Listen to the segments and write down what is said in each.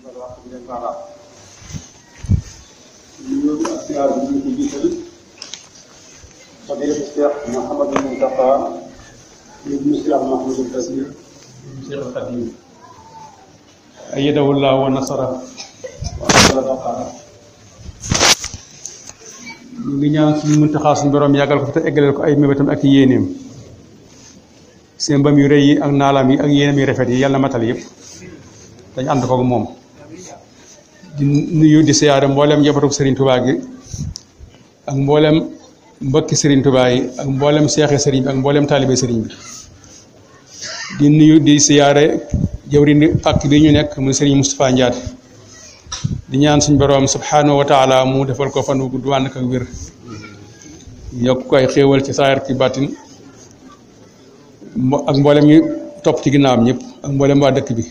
bala ak leen baala ñu ñëw ak siyaar bi ibnu أيده الله ونصره ñu ngi ñaan suñu mënta xaar suñu borom yàggal ko te eggaleel ko ay mébétam ak yéeneem seen yu rëy yi ak naalam yi ak rafet yi yàlla matal yëpp dañ ànd moom di nuyu di siyaare mboolem njabootu Serigne Touba ak mboolem mbokki sëriñ tubaay yi ak mboolem seexe Serigne bi ak mboolem taalibe Serigne bi di nuyu di siyaare jëwriñ pàkk bi ñu nekk muy sëriñ Moustapha Ndiaye di ñaan suñu borom subhanahu wa mu defal ko fan wu gudd ànd ak wér xéewal ci saayar ki bàttin mboolem ñu topp ci ginnaawam ñëpp ak mboolem dëkk bi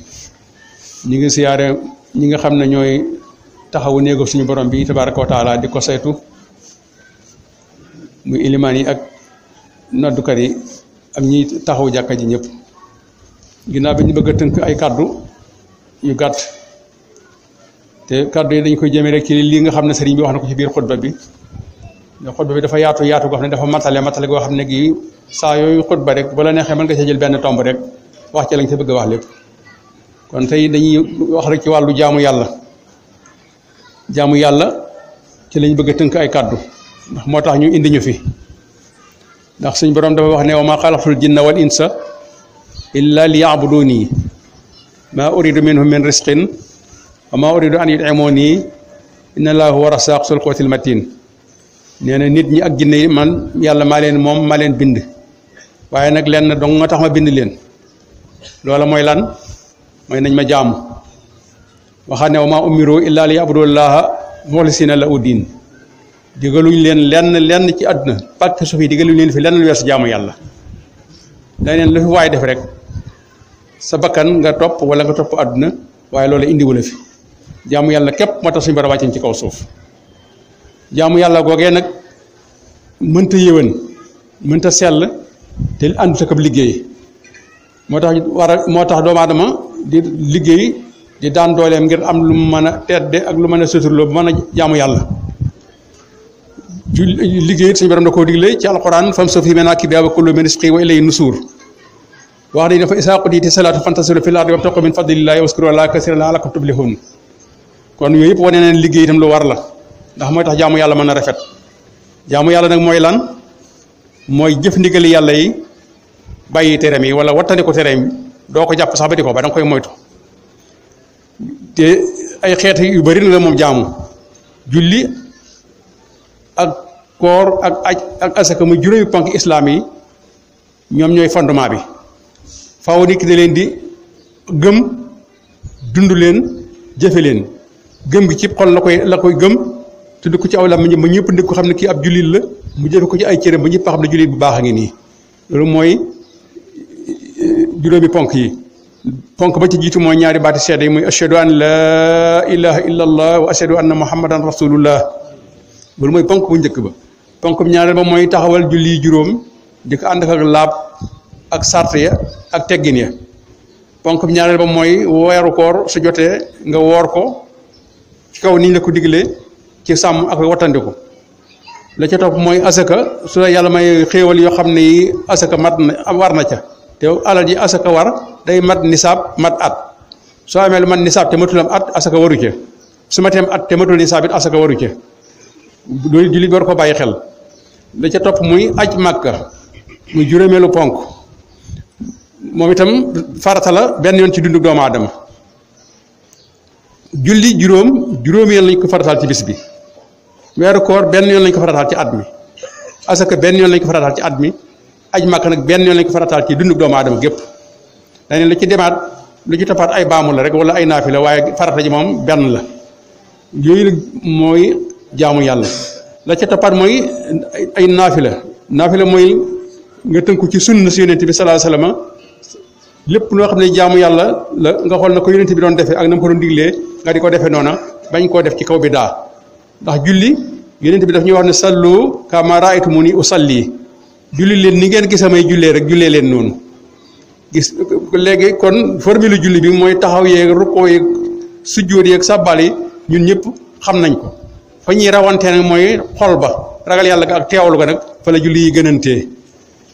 ñu ngi siyaare. ñi nga xam ne ñooy taxawu néego suñu borom bi tabaraka wa taala di ko saytu muy ilimaan yi ak noddukat yi ak ñiy taxawu jàkka ji ñëpp ginnaaw bi ñu bëgg tënk ay kàddu yu gàtt te kàddu yi dañ koy jëmee rek ci lii nga xam ne sëriñ bi wax na ko ci biir xutba bi ne xutba bi dafa yaatu yaatu goo xam dafa matale matale goo xam ne gi saa yooyu xutba rek bu la neexee mën nga see jël benn tomb rek wax ci lañ sa bëgg a wax lépp kon tey dañuy wax rek ci wàllu jaamu yàlla jaamu yàlla ci lañ bëgg a tënk ay kàddu ndax moo tax ñu indi ñu fi ndax suñ borom dafa wax ne wa maa xalaqtul jinna wal insa illa li yaabuduni maa uridu minhum min risqin wa maa uridu an yut'imuni inna laa huwa rasaaq sul quwwatil matin nee na nit ñi ak jinne yi man yàlla maa leen moom maa leen bind waaye nag lenn dong moo tax ma bind leen loola mooy lan may nañ ma jaamu waxaat ne wa maa umiru illa li llah muxlisina la uddin digaluñ leen lenn lenn ci àdduna pàkk suuf yi digaluñ leen fi lenn lu weesu jaamu yàlla dañ leen lu fi waay def rek sa bakkan nga topp wala nga topp àdduna waaye loolu indi wala fi jaamu yàlla képp moo tax suñu bara wàccin ci kaw suuf jaamu yàlla googee nag mënta yéwén mënta sell te àndut sa kab liggéey moo tax war moo tax doomu di liggéey di daan dooleem ngir am lu mën a tedde ak lu mën a suturloo bu mën a jaamu yàlla ju liggéey suñu borom da koo digle ci alxuraan fam soo fi manaakibihaa wa kuluu min rizqihi wa ilayhi nusuur wax dañu ne fa izaa qudiyatis salaatu fantashiruu fil ardi wabtaghuu min fadlillaahi wazkuruu llaaha kasiiran la'allakum tuflihuun kon yooyu yëpp wane neen liggéey itam lu war la ndax mooy tax jaamu yàlla mën a rafet jaamu yàlla nag mooy lan mooy jëf ndigali yàlla yi bàyyi tereem yi wala wattandi ko tereem yi doo ko jàpp sax ba di ko ba danga koy moytu te ay xeet yu bari na la moom jaamu julli ak koor ak aj ak asaka muy juróomi ponk islaam yi ñoom ñooy fondement bi faaw nit ki leen di gëm dund leen jëfe leen gëm gi ci xol la koy la koy gëm te tudd ko ci aw làmmiñ ma ñëpp ndig ko xam ne kii ab jullit la mu jëfe ko ci ay cëram ba ñëpp xam ne jullit bu baax a ngi nii loolu mooy juroomi ponk yi ponk ba ci jiitu mooy ñaari baati seede yi muy ashadu an la ilaha illa allah wa ashadu anna muhammadan rasulullah loolu mooy ponk bu njëkk ba ponk bu ñaareel ba mooy taxawal julli juróom di ko ànd ak laab ak sart ya ak teggin ya ponk bu ñaareel ba mooy weeru koor su jotee nga woor ko ci kaw niñ la ko diglee ci sàmm ak wattandiku la ca topp mooy asaka su la yàlla may xéewal yoo xam ne yi asaka mat na war na ca te alal ji asaka war day mat nisab mat at so amel man nisab te matulam at asaka waru ci su mateem at te matul nisab it asaka waru ci do di bi war ko baye xel da ca top muy aj makka muy juróomeelu ponk momi itam farata la ben yon ci dundu doomu adam julli jurom jurom yel lañ ko faratal ci bis bi koor ben yon lañ ko faratal ci admi asaka ben yon lañ ko faratal ci admi aj makk nag benn yoon lañ ko farataal ci dundu doomu aadama gépp dañ la ci demaat lu ci toppaat ay baamu la rek wala ay naafi la waaye farata ji moom benn la yooyu mooy jaamu yàlla la ca toppaat mooy ay naafi la naafi la mooy nga tënku ci sunna si yonent bi sallallahu alayhi lépp loo xam ne jaamu yàlla la nga xool na ko yonent bi doon defee ak na mu ko doon diglee nga di ko defee noona bañ koo def ci kaw bi daa ndax julli yonent bi daf ñuy wax ne sallu kama raaytumuni usalli julli leen ni ngeen gis samay jullee rek jullee leen noonu gis léegi kon formule julli bi mooy taxaw yeeg rukkoo yeeg sujjóot yeeg sàbbal yi ñun ñëpp xam nañ ko fa ñuy rawantee nag mooy xol ba ragal yàlla ga ak teewlu ga nag fa la julli yi gënantee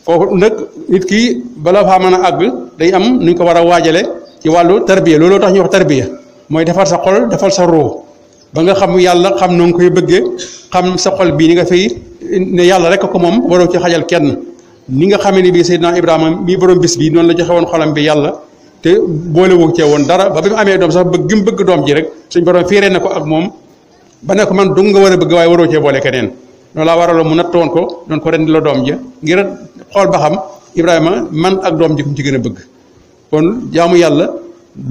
foofu nag nit ki bala faa mën a àgg day am nu ñu ko war a waajale ci wàllu tarbiya looloo tax ñuy wax tarbiya mooy defal sa xol defal sa ruu ba nga xam yàlla xam na nga koy bëggee xam sa xol bii ni nga fay ne yàlla rek ko moom waroo ci xajal kenn ni nga xamee ne bii Seydina Ibrahima mii borom bis bi noonu la joxe woon xolam bi yàlla te boolewoo cee woon dara ba bi mu amee doom sax bëgg gi mu bëgg doom ji rek na ko ak moom ba ne ko man dong nga war a bëgg waaye waroo cee boole keneen loolu laa waraloon mu natt ko doon ko rendi la doom ja ngir xool ba xam Ibrahima man ak doom ji ku mu ci gën a bëgg kon jaamu yàlla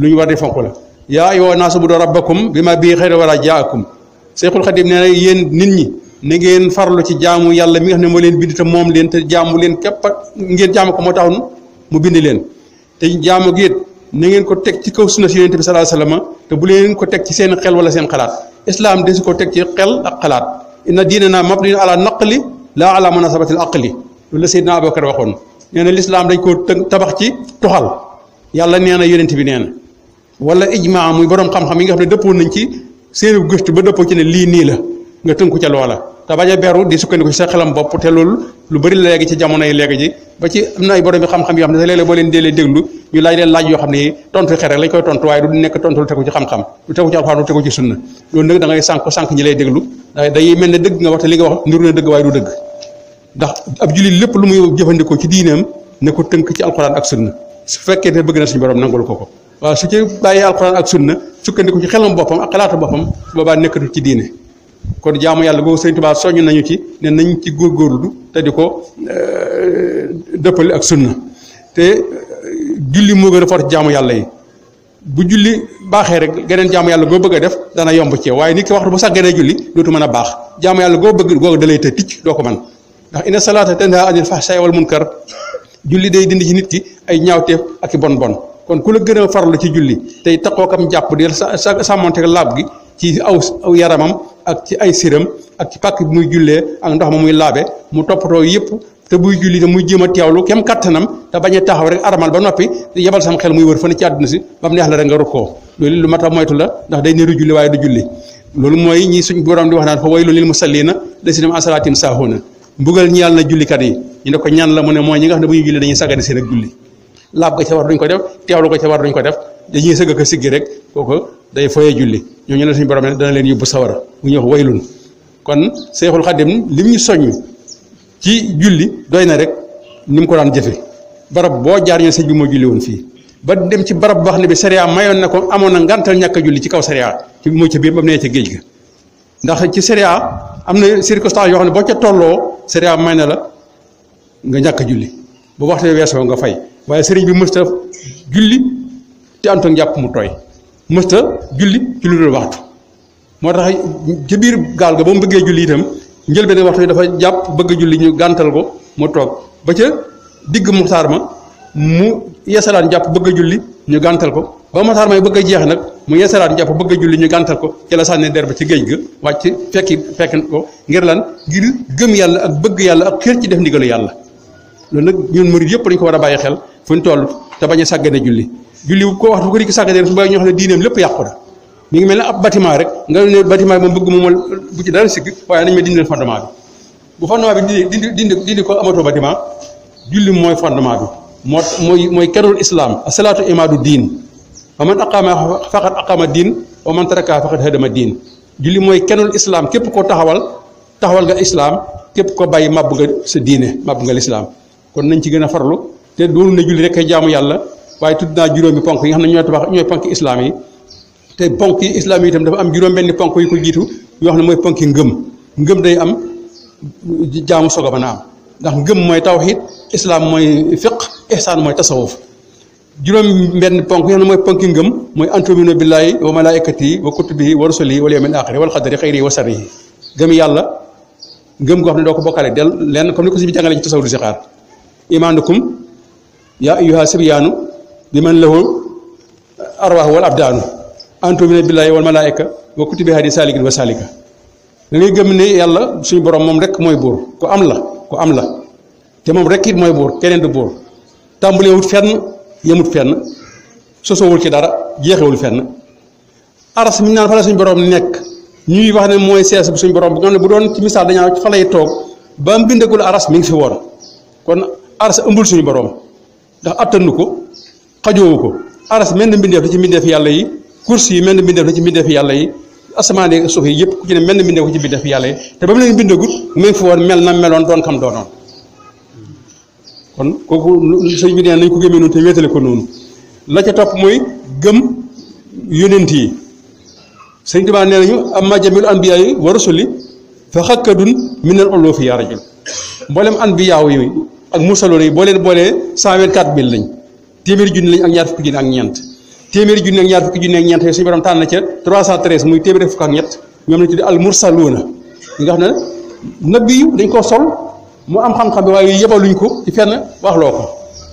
lu ñu war di fonk la yaa ayyuhan naasu u'budu rabbakum bimaa bihi xayru wa rajaakum Seexul Xadiim nee na yéen nit ñi. نجين فارلو تي جامو يالا ميغ نمو لين بيدي تا موم لين تا جامو لين كاب نجين جامو كو موتاخ نو مو بيندي لين تي جامو غيت نجين كو تك تي كو سنة سي نتي صلى الله عليه وسلم تا بولين كو تك تي سين خيل ولا سين خلات اسلام ديس كو تك تي خيل اك خلات ان ديننا مبني على النقل لا على مناسبه العقل ولا سيدنا ابو بكر واخون نينا الاسلام داي كو تبخ تي توخال يالا نينا يونتي بي نينا ولا اجماع موي بروم خام خام ميغا خني ديبو نانتي سينو گشت با ديبو تي لي ني لا nga tënku ca loola te bañ a beru di sukkandiku ci sa xelam bopp te loolu lu bëri la léegi ci jamono yi léegi ji ba ci am na ay borom bi xam-xam yoo xam ne te léeg-léeg boo leen deelee déglu ñu laaj leen ne tontu xere lañ koy tontu waaye nekk tontu lu tegu ci xam-xam lu tegu ci alxuraan lu tegu ci sunna loolu mel ne dëgg nga wax te li nga wax nuru na dëgg ndax ab jullit lépp lu muy jëfandikoo ci diineem ne ko tënk ci alxuraan ak sunna su fekkee ne bëgg na suñu borom nangul ko ko waaw su ci bàyyee alxuraan ak sunna sukkandiku ci xelam boppam ak xalaatu boppam boobaa nekkatu ci diine kon jaamu yàlla googu sëñ Tuubaa soññ nañu ci nen nañ ci góorgóorlu te di ko euh, dëppale ak sunna te euh, julli moo gën a fort jaamu yàlla yi bu julli baaxee rek geneen jaamu yàlla goo bëgg def dana yomb ci waaye nit ki waxtu bu sàgganee julli dootu mën a baax jaamu yàlla goo bëgg googu dalay te ticc doo ko mën ndax inna salaata tanhaa anil fahshaa'i wal munkar julli day dindi ci nit ki ay ñaawteef ak i bon bon kon ku la gën a farlu ci julli tey taxoo kam jàpp di sa sàmmonte laab gi ci aw yaramam ak ci ay siram ak ci pàkk bi muy jullee ak ndox ma muy laabe mu toppatoo yëpp te buy julli te muy jéem a teewlu kem kattanam te bañ taxaw rek aramal ba noppi yebal sam xel muy wër fa ne ci àdduna si ba mu la ndax day niru julli waaye du julli loolu mooy ñi suñ borom di wax naan fa waylun lil musalliina lazina yi ñu ne ko ñaan la mu ne mooy ñi ne bu ñuy julli dañuy sagani seen ak julli laab ga ca war duñ ko def teewlu ko ca war duñ ko def dañuy sëgg ko siggi rek kooku day foye julli ñu la suñu borom ne dana leen yóbbu sawara mu ñëw waylun kon cheikhul khadim li muy soññ ci julli doyna rek nim ko daan jëfé barab bo jaar ñu sëñ bi moo julli won fi ba dem ci barab bax ni bi sharia mayon na ko amoon ngantal ñaka julli ci kaw sharia ci mo ci biir ba mu nee ca ga ndax ci sharia amna circonstance yo xamne bo ca tolloo may na la nga ñàkk julli bu waxtu weesoo nga fay waye sëriñ bi mësta julli ti antok japp mu toy mësta julli ci lu waxtu moo tax ci biir gaal ga ba mu bëggee julli itam njëlbéen waxtu yi dafa jàpp bëgg julli ñu gàntal ko mu toog ba ca digg muxtaar ma mu jàpp bëgg julli ñu gàntal ko ba muxtaar may bëgg jeex nag mu yeesalaan jàpp bëgg julli ñu gàntal ko ci la sànni der ba ci géej ga wàcc fekki fekk ko ngir lan ngir gëm yàlla ak bëgg yàlla ak xër ci def ndigalu yàlla loolu nag ñun murid yëpp dañu ko war a bàyyi xel fu ñu toll te ba a sàggane julli julli ko wax du ko rik sàggane su bàyyi ñu xam diinam lepp lépp yàqu mi ngi melni ne ab bâtiment rek nga ne bâtiment mo bëgg mo bu ci dara sik waye nañ ma fondement bi bu fondement bi dindi dindi dindi ko amato bâtiment julli moy fondement bi moo moy moy kerul islam salatu imadu din wa man aqama faqad aqama din wa man taraka faqad hadama din julli moy kenul islam kep ko taxawal taxawal nga islam kep ko bàyyi màbb nga se diine màbb nga lislaam kon nañ ci gëna farlu te doon ne julli rek jaamu yalla waaye tudd naa juróomi ponk yi nga xam ne ñooy ponk islaam yi te ponk yi islaam yi itam dafa am juróom benn ponk yu ko jiitu yoo xam ne mooy ponk yi ngëm ngëm day am jaamu soog a mën a am ndax ngëm mooy tawxiid islaam mooy fiq ihsaan mooy tasawuf juróom benn ponk yoo xam ne ponk yi ngëm mooy antuminu billaahi wa malaaikatihi wa kutubihi wa rusulihi wal yawmil aaxiri wal qadari xayrihi wa sharrihi gëm yàlla ngëm goo xam ne doo ko bokkaale del lenn comme ni ko si bi jàngalee ci tasawuf du sixaar imaanukum yaa ayyuha sibyaanu liman lahu arwaax wal abdaanu antumina billaahi wal malaayika wa kutubi hadi salikin wa salika da ngay gëm ne yàlla suñu borom moom rek mooy buur ko am la ko am la te moom rek it mooy buur keneen du buur tàmbalewut fenn yemut fenn sosowul ci dara jeexewul fenn aras mi naan fa la suñu nekk ñuy wax ne mooy sees bu suñu borom bu nga xam ne bu doon ci misaal dañaa fa lay toog ba mu bindagul aras mi ngi fi woon kon a ëmbul suñu borom xajoowu ko aras menn na mbindeef la ci mbindeef yàlla yi kursi yi mel na mbindeef la ci mbindeef yàlla yi asamaan yi ak suuf yi yëpp ku ci ne mbindeef ko ci mbindeef yàlla yi te ba mu leen bindagut mu ngi na meloon doon kooku sëñ bi nee ko ko noonu la ca topp mooy gëm yi sëñ Tuubaa nee nañu amma jamilu anbiyaa yi wa rusuli fa xakkadun minal uluu fi yaa rajul mboolem anbiyaa yi ak mursaloon yi boo leen boolee cent vingt-quatre mille lañ téeméeri junni lañ ak ñaar fukki junni ak ñeent téeméeri junni ak ñaar fukki junni ak ñeent yooyu suñu borom tànn na ca 313 muy téeméeri xam ne nabi yu dañ koo sol mu am xam-xam bi waaye yebaluñ ko ci fenn wax loo ko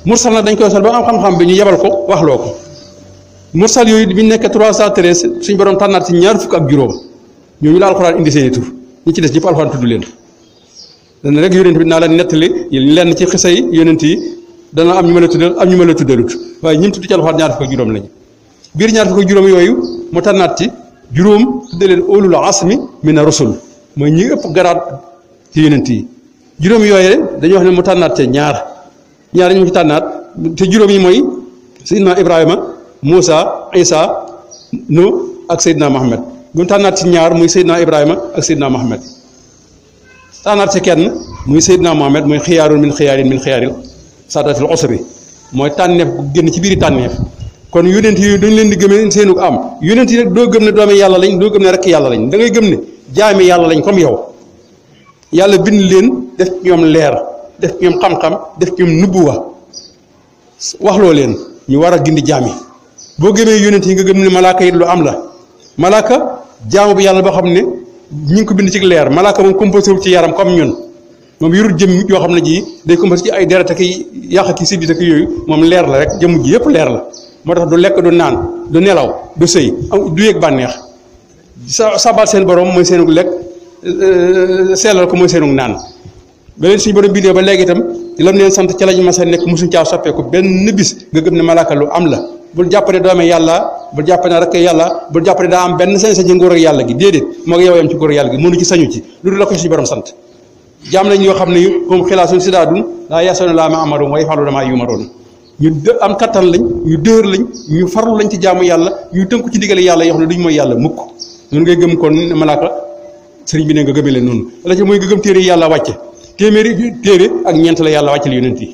mursal na dañ koy sol ba am xam-xam bi ñu yebal ko wax loo ko mursal yooyu bi nekk 313 suñ borom tànnaat ci ñaar fukk ak juróom ñooñu la alxuraan indi seen i tur ci des ñëpp alxuraan tudd leen dana rek yonent bi naa la nettali lenn ci xisa yi yonent yi dana am ñu ma la tuddal am ñu ma la tuddalut waaye ñi mu tudd ci alxuraan ñaar fukk ak juróom lañu biir ñaar fukk ak juróom yooyu mu tànnaat ci juróom tudde leen ulul azmi mina rusul mooy ñi ëpp garaat ci yonent yi juróom yooyu dañuy wax ne mu tànnaat ca ñaar ñaar ñu mu ci tànnaat te juróom yi mooy Seydina Ibrahima Moussa Isa nu ak Seydina Mohamed bu mu tànnaat ci ñaar muy Seydina Ibrahima ak Seydina Mohamed tànnaat ci kenn muy Seydina Mohamed muy xiyaaru min xiyaarin min xiyaarin saadatil bi mooy tànneef bu génn ci biir tànneef kon yonent yooyu dañ leen di gëmee seenu am yonent yi doo gëm ne doomi yàlla lañ doo gëm ne rekk yàlla lañ da ngay gëm ne jaami yàlla lañ comme yow yàlla bind leen def ñoom leer def ñoom xam-xam def ñoom nubbuwa wax loo leen ñu war a gindi jaami boo gëmee yonent yi nga gëm ne malaaka it lu am la malaaka jaamu bi yàlla boo xam ne ñu ngi ko bind ci leer malaaka moom composé ci yaram comme ñun mom yorul jëm yo xamna ji day ko commencé ci ay dérata deret ak yàqati sidit ak yoy mom leer la rek jëm ji yépp leer la motax du lek du nan du nelaw du sey du yek banex sa sabal sen borom moy senuk lek euh, selal ko moy senuk nan ba leen suñu borom bindee ba légui tam lam leen sant ci lañu massa nek musuñ ci aw soppé ko benn bis nga gëm ne malaka lu am la bul jàpp doomé yalla bul jàpp ne rakk yàlla bul jàpp da am benn sen sañ ci ak yalla gi déedéet mo ngi yow yam ci nguur yalla yàlla gi mënu ci sañu ci lu la ko ci borom sant jaam lañ yoo xam ne hum xilaasuñ sidaadun laa yasoona laa ma amaroon waaye falu damaa yumaroon ñu dë am kattan lañ ñu dëër lañ ñu farlu lañ ci jaamu yàlla ñu tënku ci ndigale yàlla yoo xam ne duñ mooy yàlla mukk noonu ngay gëm kon malaaka bi ne noonu la ci gëm téere yi yàlla wàcce téeméeri téere ak ñeent la yàlla wàcce la yonent yi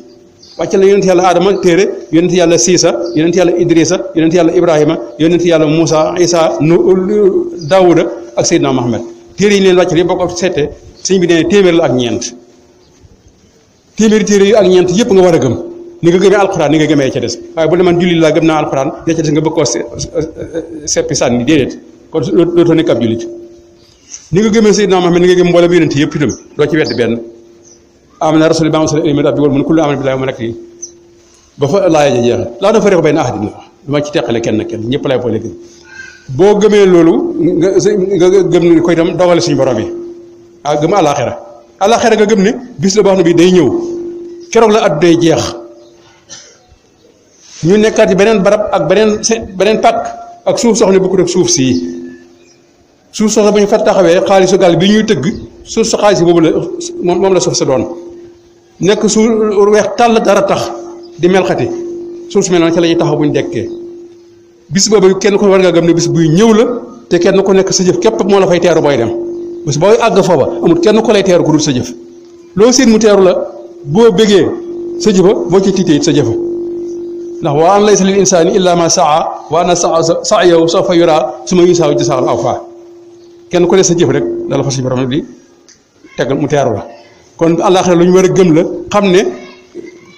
wàcce la yonent yàlla aadama téere yonent yàlla siisa yonent yàlla idrisa yonent yàlla ibrahima yonent yàlla moussa isa nu daawuda ak seydina mahamad téere yi leen wàcce yëpp boo ko seetee sëñ bi nee téeméer la ak ñeent téeméeri téere yu ak ñeent yépp nga war a gëm ni nga gëmee alxuraan ni nga gëmee ca des waaye bu ne man julli laa gëm naa alxuraan ya ca des nga bëgg koo seppi sànni déedéet kon dootoo nekk ab jullit ni nga gëmee Seydina Muhammad ni nga gëm mboolem yonent yëpp itam doo ci wedd benn amna rasul bi am sal élimé mun kullu amal billahi wa malaaikatihi ba fa laaya ja jeex laa do fa reex benn ahadin ma ci teqale kenn kenn ñëpp lay boole gëm boo gëmee loolu nga gëm koy itam dogale suñu borom yi a ah, gëm alaxira alaxira nga gëm ne bis la boo xam ne bii day ñëw keroog la at day jeex ñu nekkaat yi beneen barab ak beneen beneen pàkk ak suuf soo bu ku rek suuf sii suuf soo xam bu ñu fa taxawee xaalisu gaal bi ñuy tëgg suuf sa xaalis boobu la moom la suuf sa doon nekk suuf weex tàll dara tax di melxati suuf si mel noonu ca la ñuy taxaw bu dekkee bis boobu kenn ko war nga gëm ne bis buy ñëw la te kenn ku nekk sa jëf képp moo la fay teeru booy dem bés boy àgg foofa amul kenn ko lay teeru ku sa jëf lo seen mu teeru la bo bëggee sa jëfa bo ci tiitee sa jëfa ndax wa an laysa lil insani illa ma saa wa ana saa saa wa soo yura suma su wa yusaaw jasaan aw kenn ko ne sa jëf rek dala fa borom bi tegal mu teeru la kon allah lu luñu wara a gëm la xam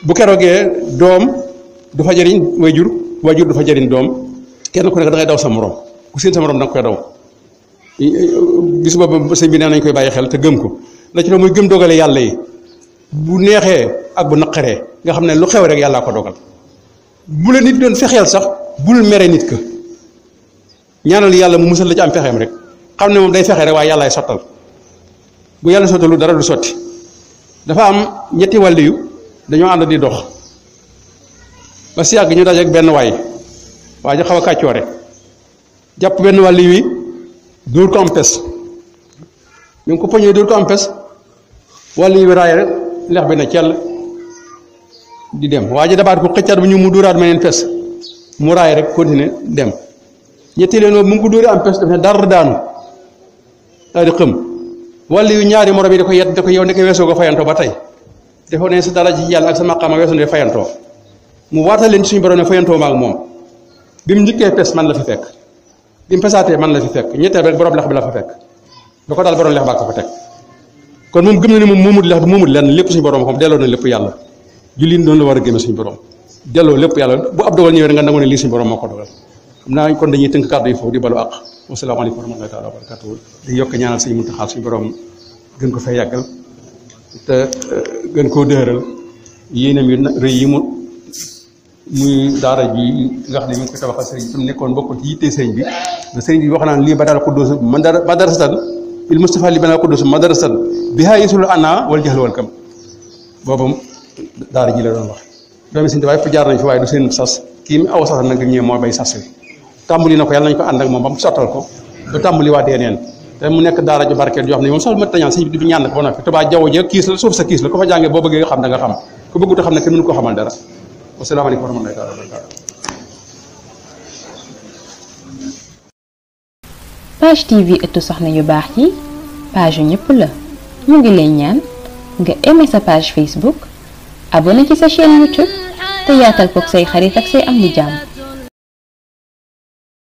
bu keroogee dom du fa jëriñ wayjur wayjur du fa dom doom kenn ko nekk da ngay daw sa morom ku seen sa morom da nga daw bis boobu sëñ bi na nañ koy baye xel te gem ko la ci doon muy gëm dogale yalla yi bu nexé ak bu naqaree nga xamné lu xew rek yalla ko dogal bu le nit doon fexel sax le mere nit ke ñaanal yalla mu musal la ci am fexem rek xamné mom day fexé rek yalla ay sotal bu yàlla sottalu dara du soti dafa am ñetti wàll yu dañoo ànd di dox ba si yàgg ñu dajé ben waay waa ji xaw a kàccoore jàpp benn wi dur ko am pes ñu ko fañé dur ko am pes wali wi raay rek lex bi na ciel di dem waji dabaat ko xëccat bu ñu mu duraat meneen pes mu raay rek continuer dem ñetti leen mu ngi duri am pes def dar daanu daal di Wali wala yu ñaari morom yi da ko yett da ko yow ndeke weesoo go fayanto ba tay defo ne sa dara ji yalla ak sa maqaama weesoo ne fayanto mu waatal leen suñu borom ne fayantoo maag mom bi pes man la fi fekk bim mu man la fi fek ñetteel rek borom lex bi la fa fek lu ko daal borom lex ba ko fa tek kon moom gëm na ni moom moomut lex bi moomut lenn lépp suñu borom xam delo na lepp yalla julli noonu la wara a suñu borom delo lepp yalla bu ab dogal ñewé nga nangone li suñu borom moo dogal xam naa kon dañuy teunk kaddu yi foofu di balu ak wa àq wasalaamaaleykum wa rahmatullahi taala wa barakatuh di yok ñaanal suñu muntaxaa suñu borom gën ko fay yagal te eh, gën ko deural yeenam yu rëy yi mu muy daara ji nga xam ne ñu ngi ko tabaxal sëriñ bi nekkoon bokk ci yitte sëriñ bi wax naan lii badal xuddus la doon fi ko yàlla nañ ko ànd ba mu sottal ko du ma tañaan sëriñ bi du ñaan ko ba noppi tubaa jaww ja kiis la suuf sa kiis la ko fa jàngee boo bëggee xam da nga xam ku bëggut a xam ne kenn mënu ko xamal dara wasalaamaaleykum wa rahmatulah wa barakaatu. page TV ëttu soxna yu baax yi page yu ñëpp la mu ngi lay ñaan nga aimé sa page Facebook abonné ci sa chaîne YouTube te yaatal koog say xarit ak say am di jàmm.